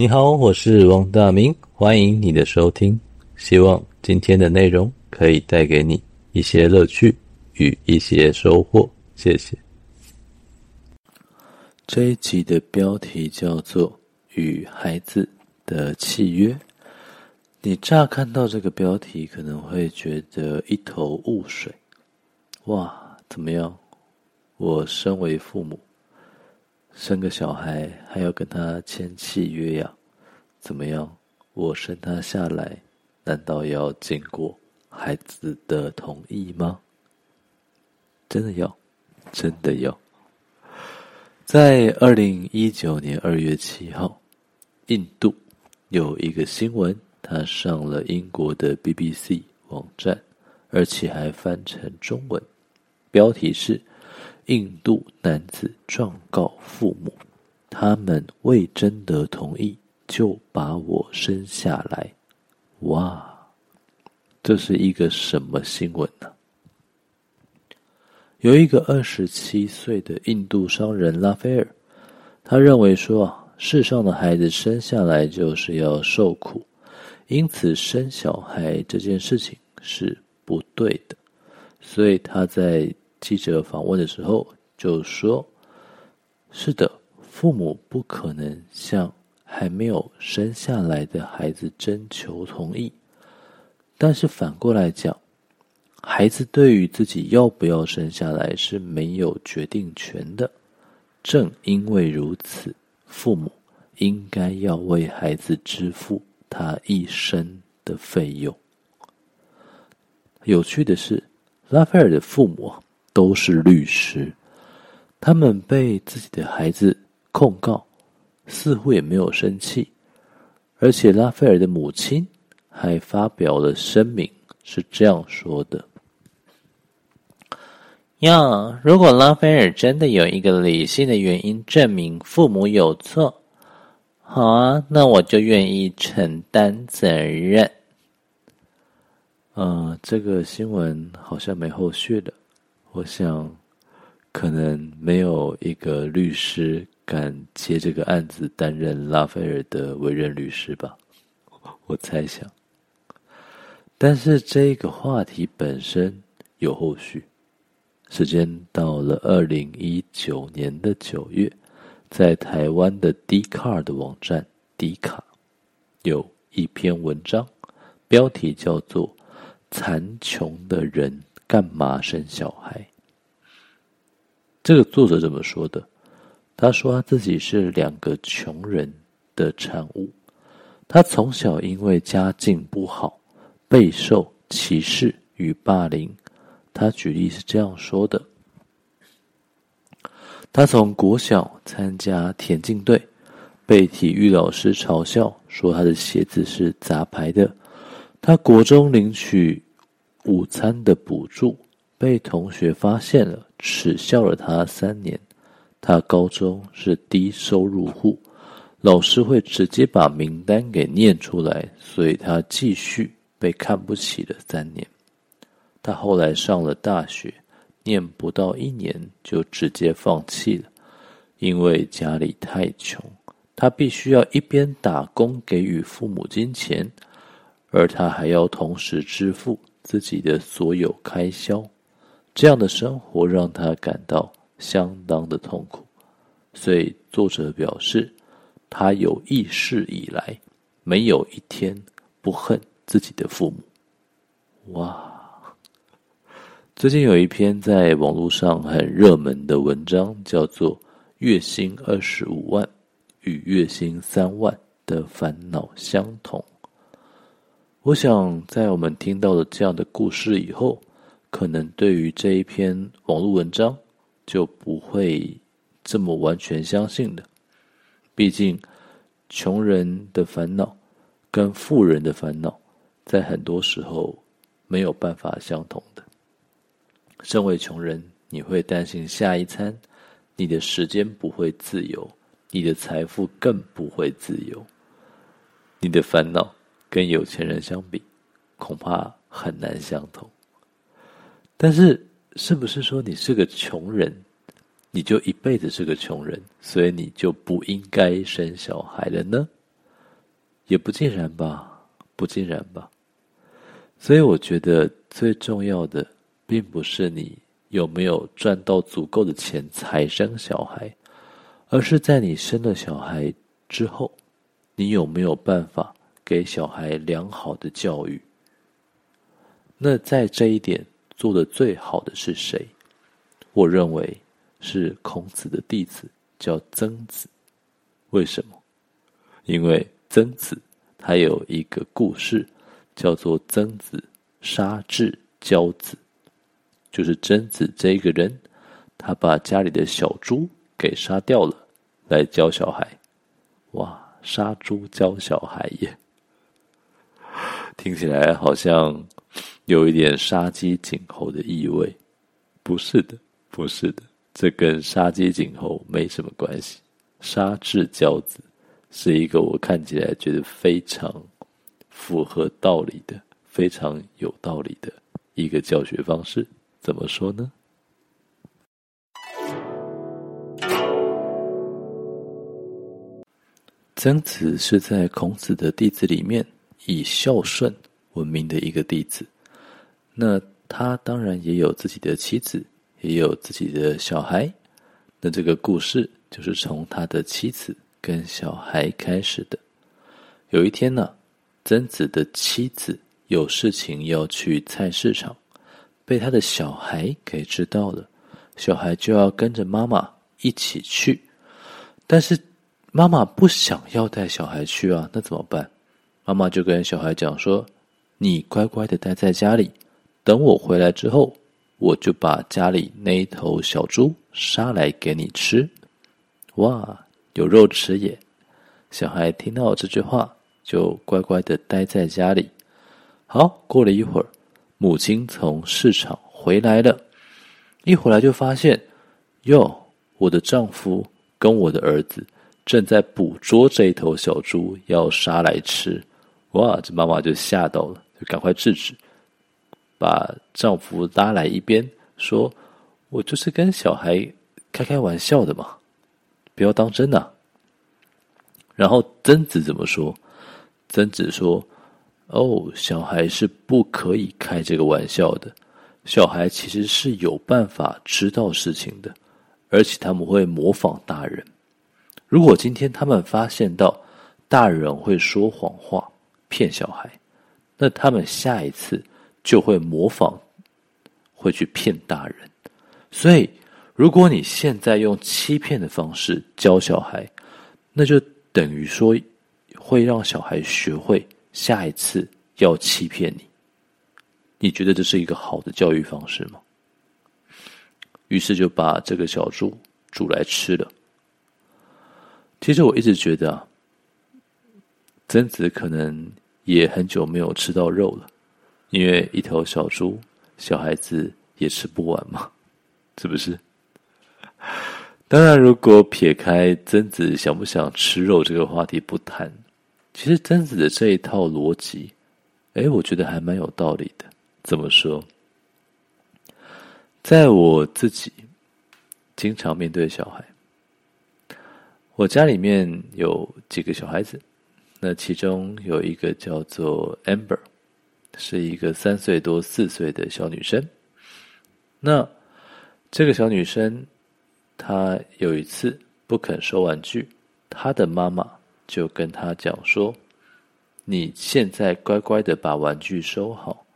你好，我是王大明，歡迎你的收聽。希望今天的內容可以帶給你一些樂趣與一些收穫，謝謝。這一集的標題叫做《與孩子的契約》。你乍看到這個標題，可能會覺得一頭霧水。哇，怎麼樣？我身為父母。生個小孩還要跟他簽契約呀，啊？怎麼樣？我生他下來，難道要經過孩子的同意嗎？真的要？真的要？在二零一九年二月七號，印度有一個新聞，他上了英國的 BBC 網站，而且還翻成中文，標題是印度男子狀告父母，他們未徵得同意就把我生下來。哇，這是一個什麼新聞呢？有一個二十七歲的印度商人拉斐爾，他認為說世上的孩子生下來就是要受苦，因此生小孩這件事情是不對的，所以他在。記者訪問的時候就說：“是的，父母不可能向還沒有生下來的孩子徵求同意。但是反過來講，孩子對於自己要不要生下來是沒有決定權的。正因為如此，父母應該要為孩子支付他一生的費用。”有趣的是，拉斐爾的父母。都是律師，他們被自己的孩子控告，似乎也沒有生氣，而且拉菲爾的母親還發表了聲明，是這樣說的：“呀，yeah, 如果拉菲爾真的有一個理性的原因證明父母有錯，好啊，那我就願意承擔責任。”嗯，這個新聞好像沒後續的。我想，可能沒有一個律師敢接這個案子，擔任拉斐爾的委任律師吧，我猜想。但是這個話題本身有後續，時間到了二零一九年的九月，在台灣的 Dcard 的網站迪卡，有一篇文章，標題叫做《殘窮的人》。幹嘛生小孩？這個作者怎麼說的？他說他自己是兩個窮人的產物。他從小因為家境不好，備受歧視與霸凌。他舉例是這樣說的：他從國小參加田徑隊，被體育老師嘲笑說他的鞋子是雜牌的。他國中領取午餐的補助被同學發現了，恥笑了他三年。他高中是低收入戶，老師會直接把名單給念出來，所以他繼續被看不起的三年。他後來上了大學，念不到一年就直接放棄了，因為家裡太窮，他必須要一邊打工給予父母金錢，而他還要同時支付。自己的所有開銷，這樣的生活讓他感到相當的痛苦。所以作者表示，他有意識以來，沒有一天不恨自己的父母。哇！最近有一篇在網絡上很熱門的文章，叫做《月薪二十五萬與月薪三萬的煩惱相同》。我想，在我們聽到了這樣的故事以後，可能對於這一篇網絡文章就不會這麼完全相信的。畢竟，窮人的煩惱跟富人的煩惱，在很多時候沒有辦法相同的。身為窮人，你會擔心下一餐，你的時間不會自由，你的財富更不會自由，你的煩惱。跟有錢人相比，恐怕很難相同。但是，是不是說你是個窮人，你就一輩子是個窮人，所以你就不應該生小孩了呢？也不盡然吧，不盡然吧。所以我覺得最重要的並不是你有沒有賺到足夠的錢才生小孩，而是在你生了小孩之後，你有沒有辦法。給小孩良好的教育，那在這一點做的最好的是誰？我認為是孔子的弟子叫曾子。為什麼？因為曾子他有一個故事，叫做曾子殺彘教子。就是曾子這一個人，他把家裡的小豬給殺掉了，來教小孩。哇，殺豬教小孩耶！聽起來好像有一點殺雞儆猴的意味，不是的，不是的，這跟殺雞儆猴沒什麼關係。殺彘教子是一個我看起來覺得非常符合道理的、非常有道理的一個教學方式。怎麼說呢？曾子是在孔子的弟子裡面，以孝順聞名的一個弟子，那他當然也有自己的妻子，也有自己的小孩。那這個故事就是從他的妻子跟小孩開始的。有一天呢、啊，曾子的妻子有事情要去菜市場，被他的小孩給知道了，小孩就要跟着媽媽一起去，但是媽媽不想要帶小孩去啊，那怎麼辦？媽媽就跟小孩講說：“你乖乖的待在家裡，等我回來之後，我就把家裡那一頭小豬殺來給你吃。哇，有肉吃耶。”小孩聽到這句話，就乖乖的待在家裡。好，過了一會兒，母親從市場回來了，一回來就發現，喲，我的丈夫跟我的兒子正在捕捉這一頭小豬，要殺來吃。哇！這媽媽就嚇到了，就趕快制止，把丈夫拉來一邊，說：“我就是跟小孩開開玩笑的嘛，不要當真呐。”然後曾子怎麼說？曾子說：“哦，小孩是不可以開這個玩笑的。小孩其實是有辦法知道事情的，而且他們會模仿大人。如果今天他們發現到大人會說謊話。”騙小孩，那他們下一次就會模仿，會去騙大人。所以，如果你現在用欺騙的方式教小孩，那就等於說會讓小孩學會下一次要欺騙你。你覺得這是一個好的教育方式嗎？於是就把這個小豬煮來吃了。其實我一直覺得啊，曾子可能。也很久沒有吃到肉了，因為一頭小豬，小孩子也吃不完嘛，是不是？當然，如果撇開曾子想不想吃肉這個話題不談，其實曾子的這一套邏輯，哎，我覺得還蠻有道理的。怎麼說？在我自己經常面對小孩，我家裡面有幾個小孩子。那其中有一個叫做 Amber，是一個三歲多四歲的小女生。那這個小女生，她有一次不肯收玩具，她的媽媽就跟她講說：“你現在乖乖的把玩具收好，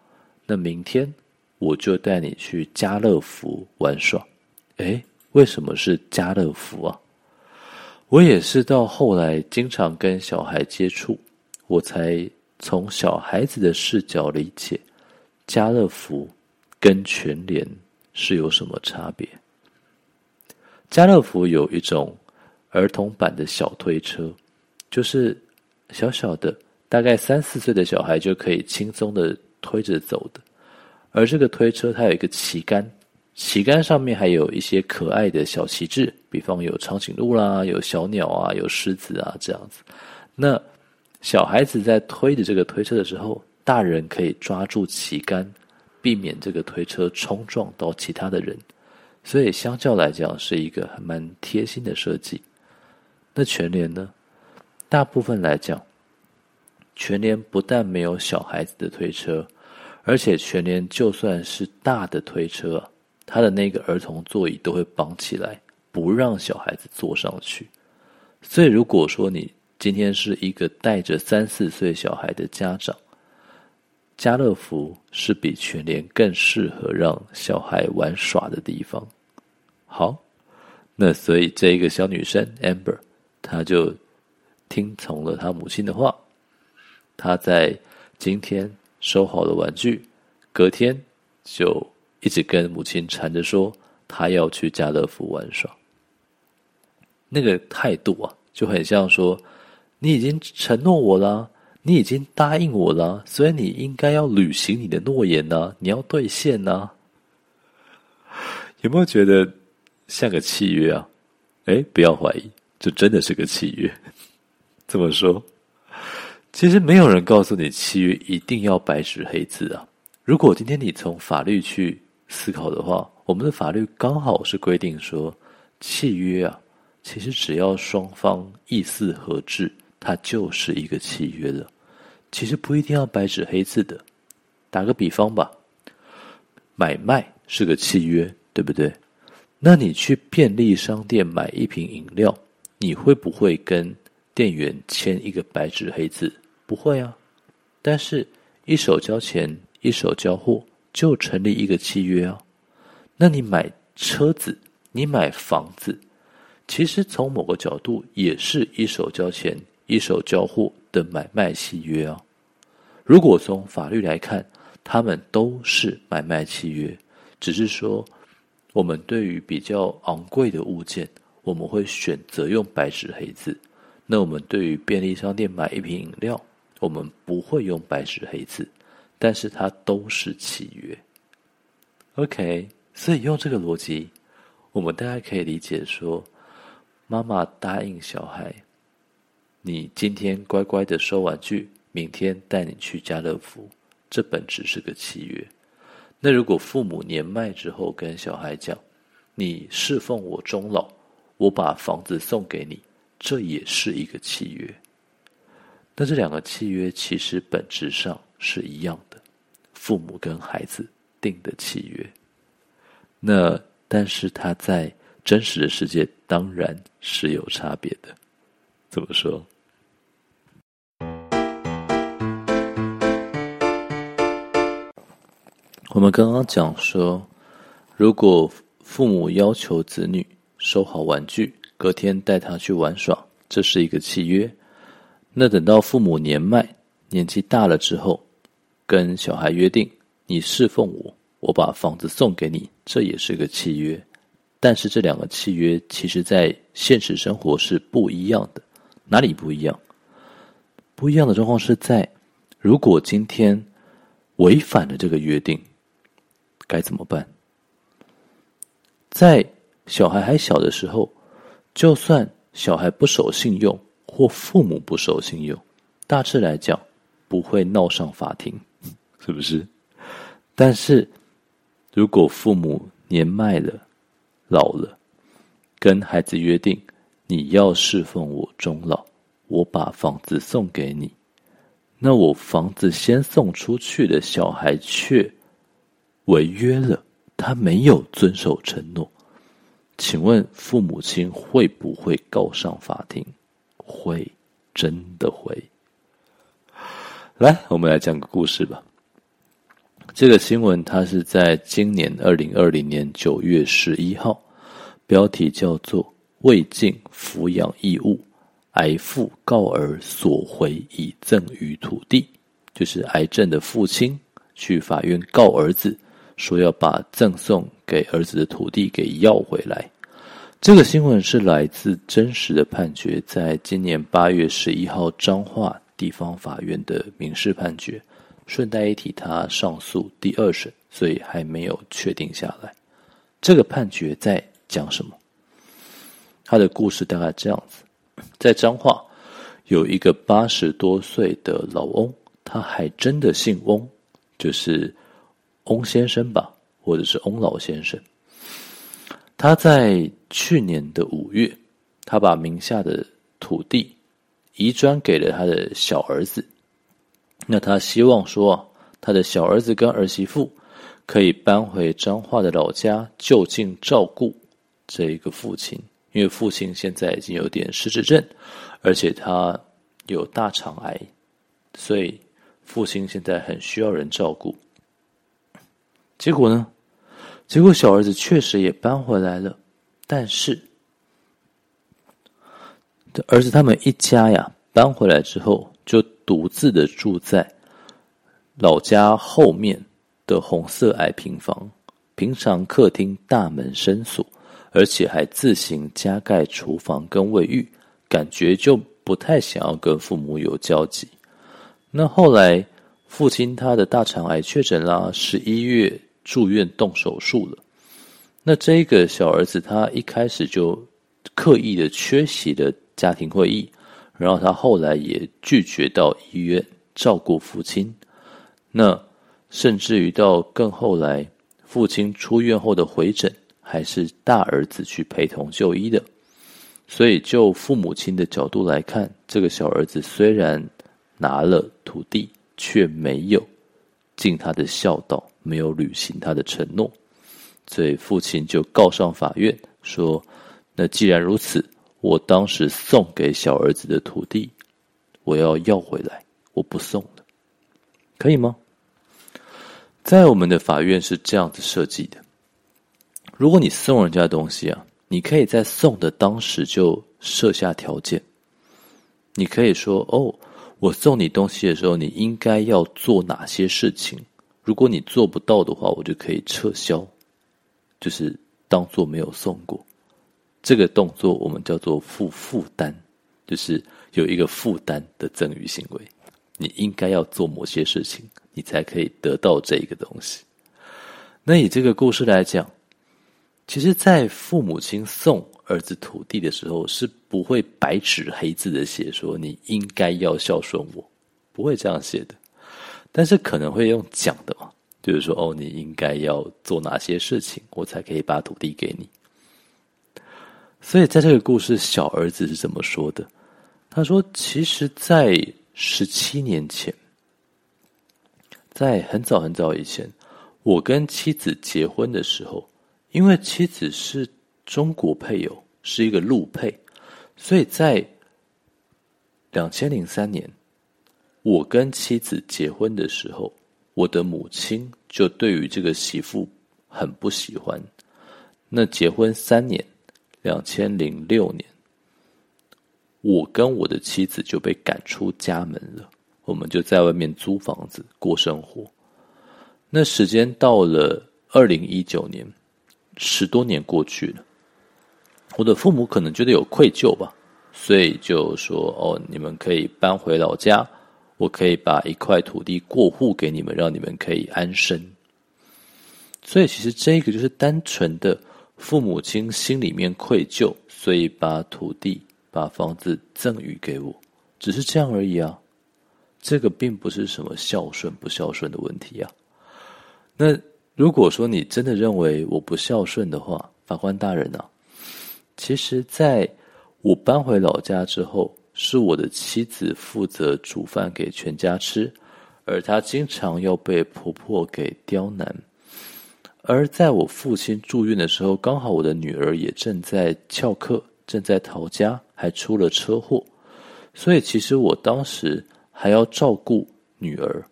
那明天我就帶你去家樂福玩耍。”哎，為什麼是家樂福啊？我也是到後來經常跟小孩接觸，我才從小孩子的視角理解，家樂福跟全聯是有什麼差別。家樂福有一種兒童版的小推車，就是小小的，大概三四歲的小孩就可以輕鬆地推着走的。而這個推車它有一個旗杆，旗杆上面還有一些可愛的小旗幟。比方有長頸鹿啦，有小鳥啊，有獅子啊，這樣子。那小孩子在推着這個推車的時候，大人可以抓住旗杆，避免這個推車衝撞到其他的人。所以相較來講，是一個還蠻貼心的設計。那全聯呢，大部分來講，全聯不但沒有小孩子的推車，而且全聯就算是大的推車，它的那個兒童座椅都會綁起來。不讓小孩子坐上去，所以如果說你今天是一個帶着三四歲小孩的家長，家樂福是比全聯更適合讓小孩玩耍的地方。好，那所以這一個小女生 Amber，她就聽從了她母親的話，她在今天收好了玩具，隔天就一直跟母親纏着說，她要去家樂福玩耍。那個態度啊，就很像說：“你已經承諾我啦，你已經答應我啦，所以你應該要履行你的諾言吶、啊，你要兌現吶、啊。”有沒有覺得像個契約啊？誒，不要懷疑，這真的是個契約。這麼說，其實沒有人告訴你契約一定要白紙黑字啊。如果今天你從法律去思考的話，我們的法律剛好是規定說，契約啊。其實只要雙方意思合致，它就是一個契約了。其實不一定要白紙黑字的。打個比方吧，買賣是個契約，對不對？那你去便利商店買一瓶飲料，你會不會跟店員簽一個白紙黑字？不會啊。但是，一手交錢，一手交貨，就成立一個契約啊。那你買車子，你買房子，其實從某個角度，也是一手交錢、一手交貨的買賣契約啊。如果從法律來看，他們都是買賣契約，只是說我們對於比較昂貴的物件，我們會選擇用白紙黑字。那我們對於便利商店買一瓶飲料，我們不會用白紙黑字，但是它都是契約。OK，所以用這個邏輯，我們大家可以理解說。媽媽答應小孩：“你今天乖乖的收玩具，明天帶你去家樂福。”這本質是個契約。那如果父母年邁之後跟小孩講：“你侍奉我終老，我把房子送給你。”這也是一個契約。那這兩個契約其實本質上是一樣的，父母跟孩子訂的契約。那但是他在。真實的世界當然是有差別的。怎麼說？我們剛剛講說，如果父母要求子女收好玩具，隔天帶他去玩耍，這是一個契約。那等到父母年邁、年紀大了之後，跟小孩約定你侍奉我，我把房子送給你，這也是一個契約。但是這兩個契約其實，在現實生活是不一樣的。哪裡不一樣？不一樣的狀況是在，如果今天違反了這個約定，該怎麼辦？在小孩還小的時候，就算小孩不守信用或父母不守信用，大致來講不會鬧上法庭，是不是？但是，如果父母年邁了，老了，跟孩子約定，你要侍奉我終老，我把房子送給你。那我房子先送出去的小孩卻違約了，他沒有遵守承諾。請問父母親會不會告上法庭？會，真的會。來，我們來講個故事吧。這個新聞它是在今年二零二零年九月十一號。標題叫做“未盡撫養義務，癌父告兒索回已贈與土地”，就是癌症的父親去法院告兒子，說要把贈送給兒子的土地給要回來。這個新聞是來自真實的判決，在今年八月十一號彰化地方法院的民事判決。順帶一提，他上訴第二審，所以還沒有確定下來。這個判決在。講什麼？他的故事大概這樣子：在彰化有一個八十多歲的老翁，他還真的姓翁，就是翁先生吧，或者是翁老先生。他在去年的五月，他把名下的土地移轉給了他的小兒子。那他希望說啊，他的小兒子跟兒媳婦可以搬回彰化的老家，就近照顧。這一個父親，因為父親現在已經有點失智症，而且他有大腸癌，所以父親現在很需要人照顧。結果呢？結果小兒子確實也搬回來了，但是兒子他們一家呀，搬回來之後就獨自的住在老家後面的紅色矮平房，平常客廳大門深鎖。而且還自行加蓋廚房跟衛浴，感覺就不太想要跟父母有交集。那後來父親他的大腸癌確診啦，十一月住院動手術了。那這個小兒子他一開始就刻意的缺席了家庭會議，然後他後來也拒絕到醫院照顧父親。那甚至於到更後來，父親出院後的回診。還是大兒子去陪同就醫的，所以就父母親的角度來看，這個小兒子雖然拿了土地，卻沒有盡他的孝道，沒有履行他的承諾，所以父親就告上法院說：“那既然如此，我當時送給小兒子的土地，我要要回來，我不送了，可以嗎？”在我們的法院是這樣子設計的。如果你送人家的東西啊，你可以在送的當時就設下條件。你可以說：“哦，我送你東西的時候，你應該要做哪些事情，如果你做不到的話，我就可以撤銷，就是當做沒有送過。”這個動作我們叫做“附負擔”，就是有一個負擔的贈與行為。你應該要做某些事情，你才可以得到這一個東西。那以這個故事來講，其實，在父母親送兒子土地的時候，是不會白紙黑字的寫說“你應該要孝順我”，不會這樣寫的。但是可能會用講的嘛，就是說：“哦，你應該要做哪些事情，我才可以把土地給你。”所以，在這個故事，小兒子是怎麼說的？他說：“其實，在十七年前，在很早很早以前，我跟妻子結婚的時候。”因為妻子是中國配偶，是一個陸配，所以在兩千零三年，我跟妻子結婚的時候，我的母親就對於這個媳婦很不喜歡。那結婚三年，兩千零六年，我跟我的妻子就被趕出家門了。我們就在外面租房子過生活。那時間到了二零一九年。十多年過去了，我的父母可能覺得有愧疚吧，所以就說：“哦，你們可以搬回老家，我可以把一塊土地過戶給你們，讓你們可以安身。”所以其實這一個就是單純的父母親心裡面愧疚，所以把土地、把房子贈予給我，只是這樣而已啊。這個並不是什麼孝順不孝順的問題呀、啊。那。如果說你真的認為我不孝順的話，法官大人吶、啊，其實在我搬回老家之後，是我的妻子負責煮飯給全家吃，而她經常要被婆婆給刁難。而在我父親住院的時候，剛好我的女兒也正在翹課，正在逃家，還出了車禍。所以其實我當時還要照顧女兒。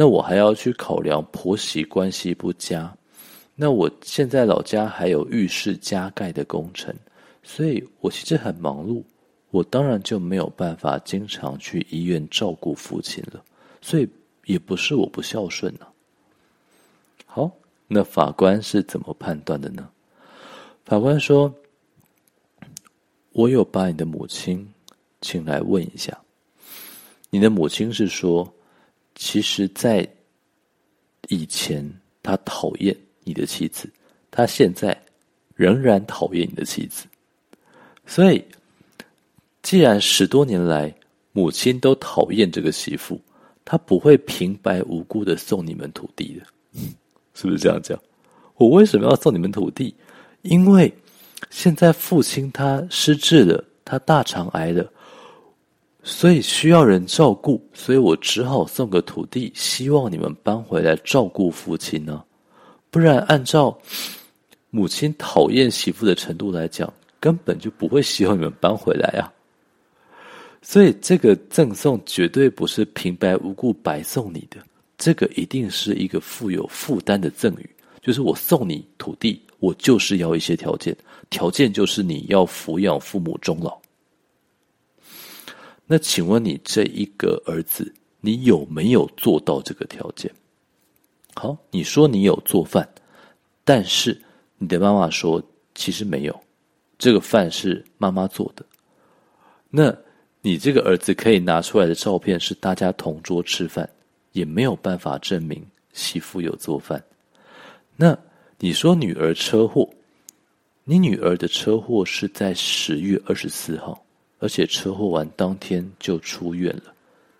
那我還要去考量婆媳關係不佳，那我現在老家還有浴室加蓋的工程，所以我其實很忙碌，我當然就沒有辦法經常去醫院照顧父親了，所以也不是我不孝順呢、啊。好，那法官是怎麼判斷的呢？法官說，我有把你的母親請來問一下，你的母親是說。其實，在以前，他討厭你的妻子，他現在仍然討厭你的妻子。所以，既然十多年來母親都討厭這個媳婦，他不會平白無故的送你們土地的。嗯，是不是這樣講？我為什麼要送你們土地？因為現在父親他失智了，他大腸癌了。所以需要人照顧，所以我只好送個土地，希望你們搬回來照顧父親呢、啊，不然按照母親討厭媳婦的程度來講，根本就不會希望你們搬回來啊。所以這個贈送絕對不是平白無故白送你的，這個一定是一個負有負擔的贈與，就是我送你土地，我就是要一些條件，條件就是你要撫養父母終老。那請問你這一個兒子，你有沒有做到這個條件？好，你說你有做飯，但是你的媽媽說其實沒有，這個飯是媽媽做的。那你這個兒子可以拿出來的照片是大家同桌吃飯，也沒有辦法證明媳婦有做飯。那你說女兒車禍，你女兒的車禍是在十月二十四號。而且車禍完當天就出院了。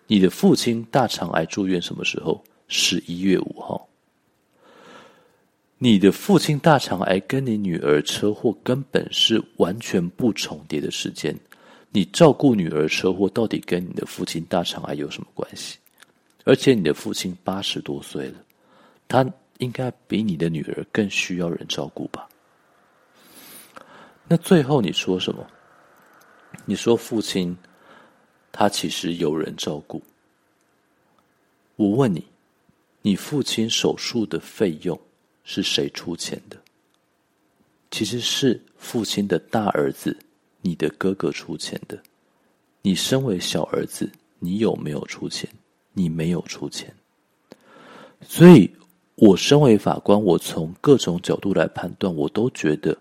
你的父親大腸癌住院什麼時候？十一月五號。你的父親大腸癌跟你女兒車禍根本是完全不重疊的時間。你照顧女兒車禍，到底跟你的父親大腸癌有什麼關係？而且你的父親八十多歲了，他應該比你的女兒更需要人照顧吧？那最後你說什麼？你說父親，他其實有人照顧。我問你，你父親手術的費用是誰出錢的？其實是父親的大兒子，你的哥哥出錢的。你身為小兒子，你有沒有出錢？你沒有出錢。所以，我身為法官，我從各種角度來判斷，我都覺得。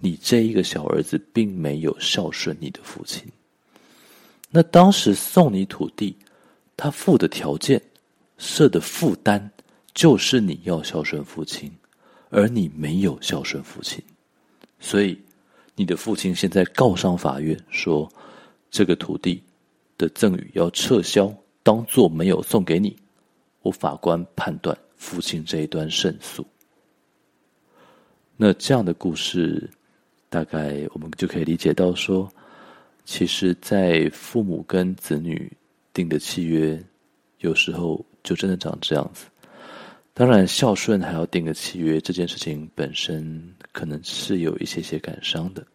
你這一個小兒子並沒有孝順你的父親，那當時送你土地，他附的條件設的負擔就是你要孝順父親，而你沒有孝順父親，所以你的父親現在告上法院說，這個土地的贈與要撤銷，當做沒有送給你。我法官判斷父親這一端勝訴，那這樣的故事。大概我們就可以理解到說，其實，在父母跟子女訂的契約，有時候就真的長這樣子。當然，孝順還要訂個契約，這件事情本身可能是有一些些感傷的。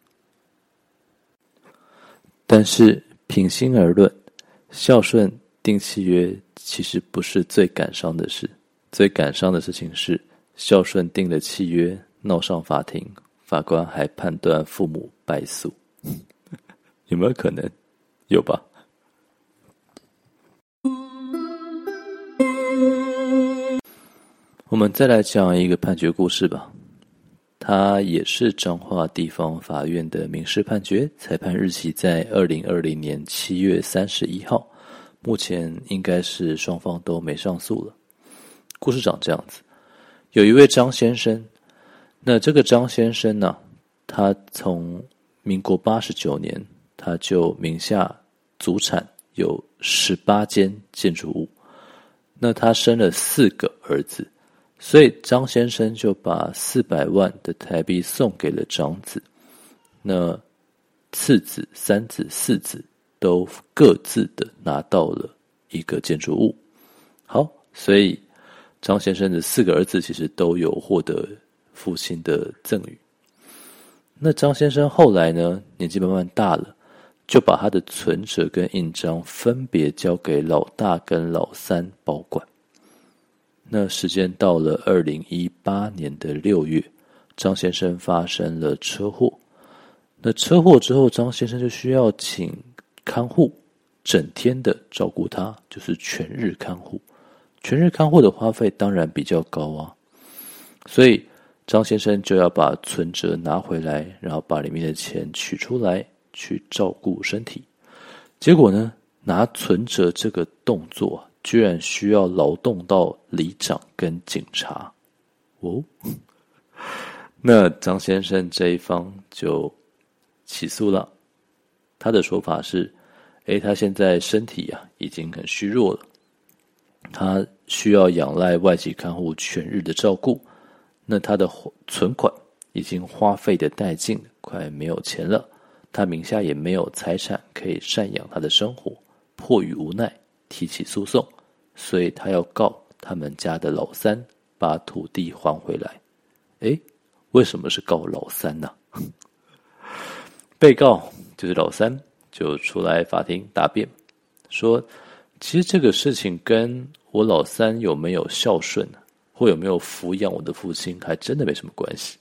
但是，平心而論，孝順訂契約其實不是最感傷的事。最感傷的事情是孝順訂了契約，鬧上法庭。法官還判斷父母敗訴， 有沒有可能？有吧。 我們再來講一個判決故事吧。它也是彰化地方法院的民事判決，裁判日期在二零二零年七月三十一號。目前應該是雙方都沒上訴了。故事長這樣子：有一位張先生。那這個張先生呢、啊？他從民國八十九年，他就名下祖產有十八間建築物。那他生了四個兒子，所以張先生就把四百萬的台幣送給了長子。那次子、三子、四子都各自的拿到了一個建築物。好，所以張先生的四個兒子其實都有獲得。父親的贈與，那張先生後來呢？年紀慢慢大了，就把他的存折跟印章分別交給老大跟老三保管。那時間到了二零一八年的六月，張先生發生了車禍。那車禍之後，張先生就需要請看護，整天的照顧他，就是全日看護。全日看護的花費當然比較高啊，所以。張先生就要把存折拿回來，然後把裡面的錢取出來去照顧身體。結果呢，拿存折這個動作居然需要勞動到里長跟警察哦。那張先生這一方就起訴了。他的說法是：誒，他現在身體啊已經很虛弱了，他需要仰賴外籍看護全日的照顧。那他的存款已經花費的殆盡，快沒有錢了。他名下也沒有財產可以贍養他的生活，迫於無奈提起訴訟，所以他要告他們家的老三，把土地還回來。哎，為什麼是告老三呢？被告就是老三，就出來法庭答辯，說其實這個事情跟我老三有沒有孝順啊？或有沒有撫養我的父親，還真的沒什麼關係，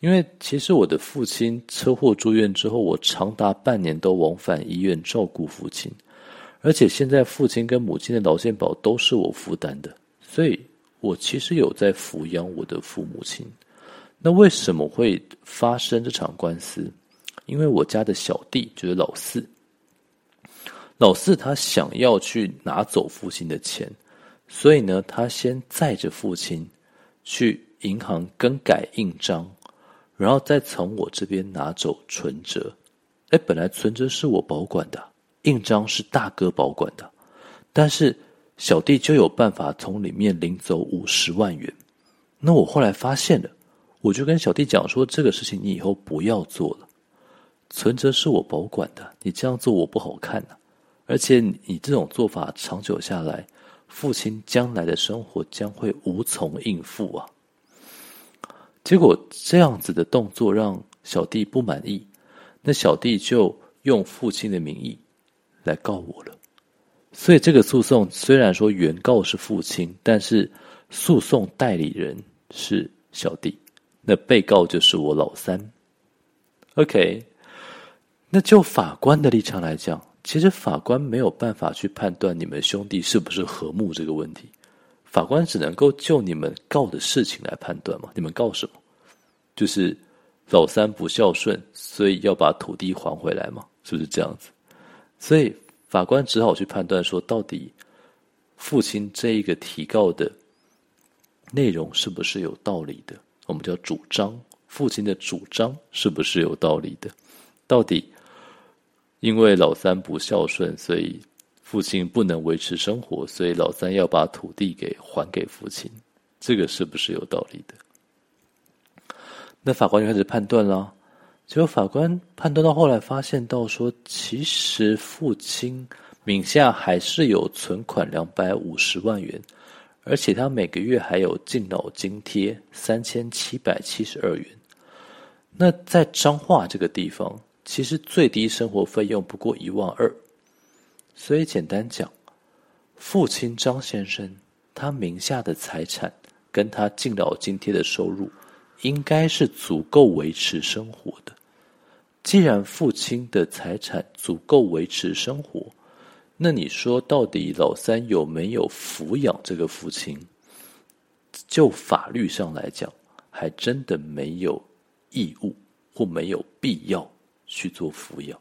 因為其實我的父親車禍住院之後，我長達半年都往返醫院照顧父親，而且現在父親跟母親的勞健保都是我負擔的，所以我其實有在撫養我的父母親。那為什麼會發生這場官司？因為我家的小弟，就是老四，老四他想要去拿走父親的錢。所以呢，他先載着父親去銀行更改印章，然後再從我這邊拿走存摺。誒，本來存摺是我保管的，印章是大哥保管的，但是小弟就有辦法從裡面領走五十萬元。那我後來發現了，我就跟小弟講說：“這個事情你以後不要做了，存摺是我保管的，你這樣做我不好看吶、啊。而且你這種做法長久下來。”父親將來的生活將會無從應付啊！結果這樣子的動作讓小弟不滿意，那小弟就用父親的名義來告我了。所以這個訴訟雖然說原告是父親，但是訴訟代理人是小弟，那被告就是我老三。OK，那就法官的立場來講，其實法官沒有辦法去判斷你們兄弟是不是和睦這個問題，法官只能夠就你們告的事情來判斷嘛。你們告什麼？就是老三不孝順，所以要把土地還回來嘛，是不是這樣子？所以法官只好去判斷說，到底父親這一個提告的內容是不是有道理的？我們叫主張，父親的主張是不是有道理的？到底？因為老三不孝順，所以父親不能維持生活，所以老三要把土地給還給父親，這個是不是有道理的？那法官就開始判斷了，結果法官判斷到後來發現到說，其實父親名下還是有存款兩百五十萬元，而且他每個月還有敬老津貼三千七百七十二元。那在彰化這個地方。其實最低生活費用不過一萬二，所以簡單講，父親張先生他名下的財產跟他敬老津貼的收入，應該是足夠維持生活的。既然父親的財產足夠維持生活，那你說到底老三有沒有撫養這個父親？就法律上來講，還真的沒有義務或沒有必要去做撫養，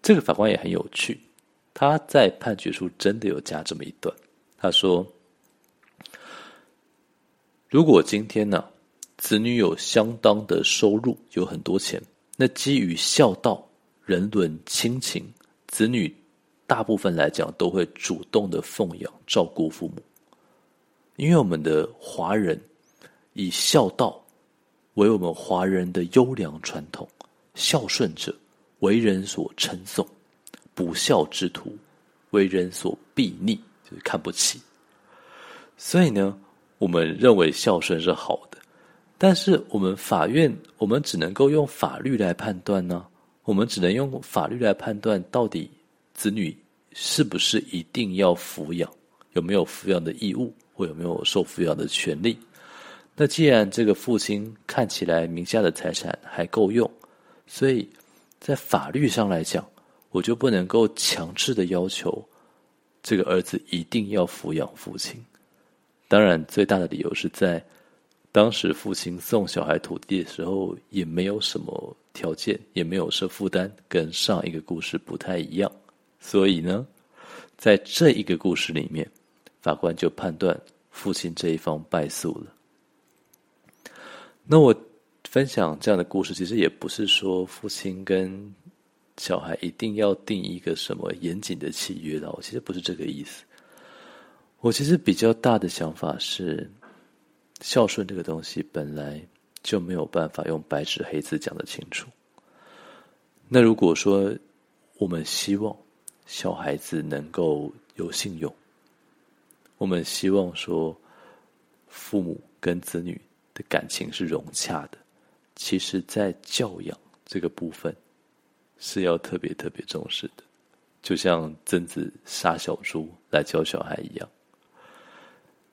這個法官也很有趣。他在判決書真的有加這麼一段，他說：“如果今天呢、啊，子女有相當的收入，有很多錢，那基於孝道、人倫、親情，子女大部分來講都會主動的奉養、照顧父母，因為我們的華人以孝道為我們華人的優良傳統。”孝順者為人所稱頌，不孝之徒為人所鄙逆，就是看不起。所以呢，我們認為孝順是好的，但是我們法院，我們只能夠用法律來判斷呢。我們只能用法律來判斷，到底子女是不是一定要撫養，有沒有撫養的義務，或有沒有受撫養的權利。那既然這個父親看起來名下的財產還夠用。所以，在法律上來講，我就不能夠強制的要求這個兒子一定要撫養父親。當然，最大的理由是在當時父親送小孩土地的時候也沒有什麼條件，也沒有設負擔，跟上一個故事不太一樣。所以呢，在這一個故事裡面，法官就判斷父親這一方敗訴了。那我。分享這樣的故事，其實也不是說父親跟小孩一定要訂一個什麼嚴謹的契約啦。我其實不是這個意思。我其實比較大的想法是，孝順這個東西本來就沒有辦法用白紙黑字講得清楚。那如果說我們希望小孩子能夠有信用，我們希望說父母跟子女的感情是融洽的。其實，在教養這個部分，是要特別特別重視的，就像曾子殺小豬來教小孩一樣。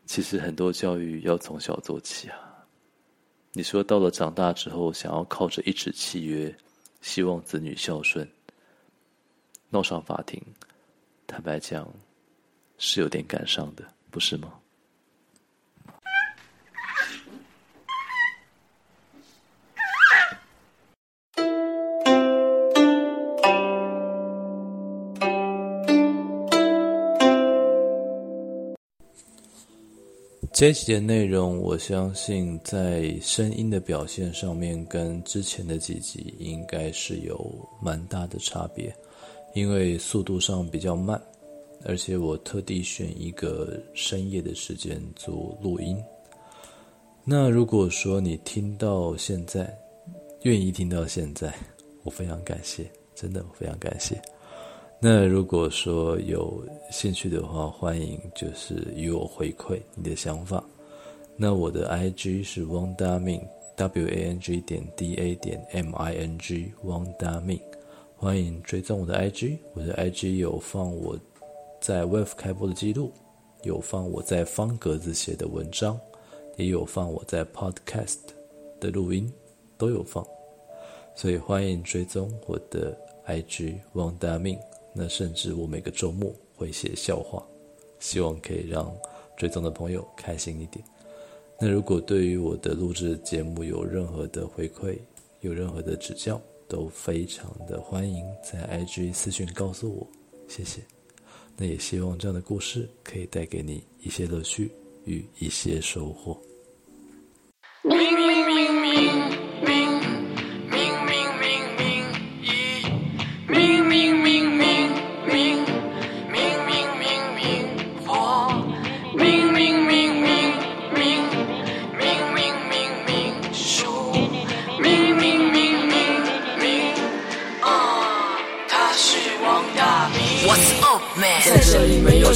其實，很多教育要從小做起啊。你說，到了長大之後，想要靠着一紙契約，希望子女孝順，鬧上法庭，坦白講，是有點感傷的，不是嗎？這期的內容，我相信在聲音的表現上面，跟之前的幾集應該是有蠻大的差別，因為速度上比較慢，而且我特地選一個深夜的時間做錄音。那如果說你聽到現在，願意聽到現在，我非常感謝，真的，我非常感謝。那如果說有興趣的話，歡迎就是與我回饋你的想法。那我的 IG 是王大明 w a n g 點 d a 點 m i n g 王大明。歡迎追蹤我的 I G。我的 I G 有放我在 WeF 開播的記錄，有放我在方格子寫的文章，也有放我在 Podcast 的錄音，都有放。所以歡迎追蹤我的 I G 王大明。那甚至我每個周末會寫笑話，希望可以讓追蹤的朋友開心一點。那如果對於我的錄製節目有任何的回饋，有任何的指教，都非常的歡迎在 IG 私訊告訴我，謝謝。那也希望這樣的故事可以帶給你一些樂趣與一些收穫。明明明明